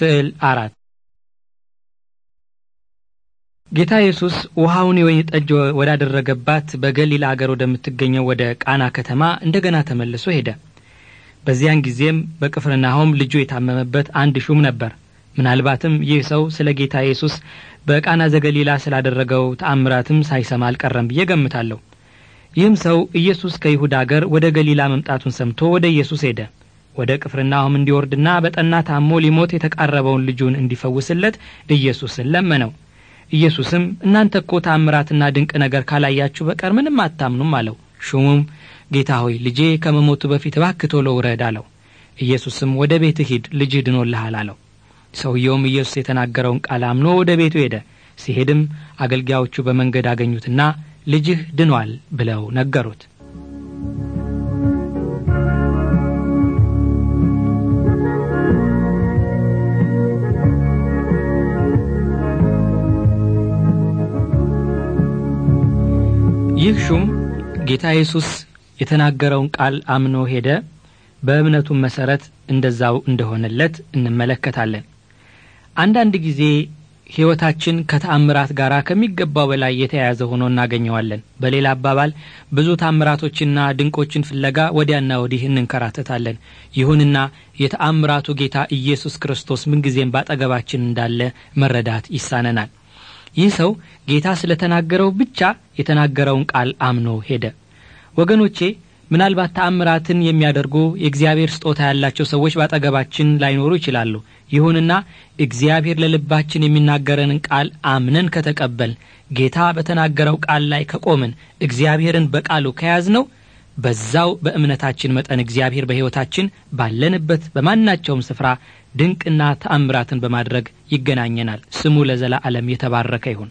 ስዕል አራት ጌታ ኢየሱስ ውሃውን የወይን ጠጅ ወዳደረገባት በገሊላ አገር ወደምትገኘው ወደ ቃና ከተማ እንደገና ተመልሶ ሄደ። በዚያን ጊዜም በቅፍርናሆም ልጁ የታመመበት አንድ ሹም ነበር። ምናልባትም ይህ ሰው ስለ ጌታ ኢየሱስ በቃና ዘገሊላ ስላደረገው ተአምራትም ሳይሰማ አልቀረም ብዬ ገምታለሁ። ይህም ሰው ኢየሱስ ከይሁዳ አገር ወደ ገሊላ መምጣቱን ሰምቶ ወደ ኢየሱስ ሄደ። ወደ ቅፍርናሆም እንዲወርድና በጠና ታሞ ሊሞት የተቃረበውን ልጁን እንዲፈውስለት ኢየሱስን ለመነው። ኢየሱስም እናንተ እኮ ታምራትና ድንቅ ነገር ካላያችሁ በቀር ምንም አታምኑም አለው። ሹሙም ጌታ ሆይ ልጄ ከመሞቱ በፊት እባክህ ቶሎ ውረድ አለው። ኢየሱስም ወደ ቤትህ ሂድ፣ ልጅህ ድኖልሃል አለው። ሰውየውም ኢየሱስ የተናገረውን ቃል አምኖ ወደ ቤቱ ሄደ። ሲሄድም አገልጋዮቹ በመንገድ አገኙትና ልጅህ ድኗል ብለው ነገሩት። ይህ ሹም ጌታ ኢየሱስ የተናገረውን ቃል አምኖ ሄደ። በእምነቱም መሰረት እንደዛው እንደሆነለት እንመለከታለን። አንዳንድ ጊዜ ሕይወታችን ከተአምራት ጋር ከሚገባው በላይ የተያያዘ ሆኖ እናገኘዋለን። በሌላ አባባል ብዙ ታምራቶችና ድንቆችን ፍለጋ ወዲያና ወዲህ እንንከራተታለን። ይሁንና የተአምራቱ ጌታ ኢየሱስ ክርስቶስ ምንጊዜም ባጠገባችን እንዳለ መረዳት ይሳነናል። ይህ ሰው ጌታ ስለተናገረው ብቻ የተናገረውን ቃል አምኖ ሄደ። ወገኖቼ ምናልባት ተአምራትን የሚያደርጉ የእግዚአብሔር ስጦታ ያላቸው ሰዎች በአጠገባችን ላይኖሩ ይችላሉ። ይሁንና እግዚአብሔር ለልባችን የሚናገረንን ቃል አምነን ከተቀበል፣ ጌታ በተናገረው ቃል ላይ ከቆምን፣ እግዚአብሔርን በቃሉ ከያዝነው ነው በዛው በእምነታችን መጠን እግዚአብሔር በሕይወታችን ባለንበት በማናቸውም ስፍራ ድንቅና ተአምራትን በማድረግ ይገናኘናል ስሙ ለዘላ ዓለም የተባረከ ይሁን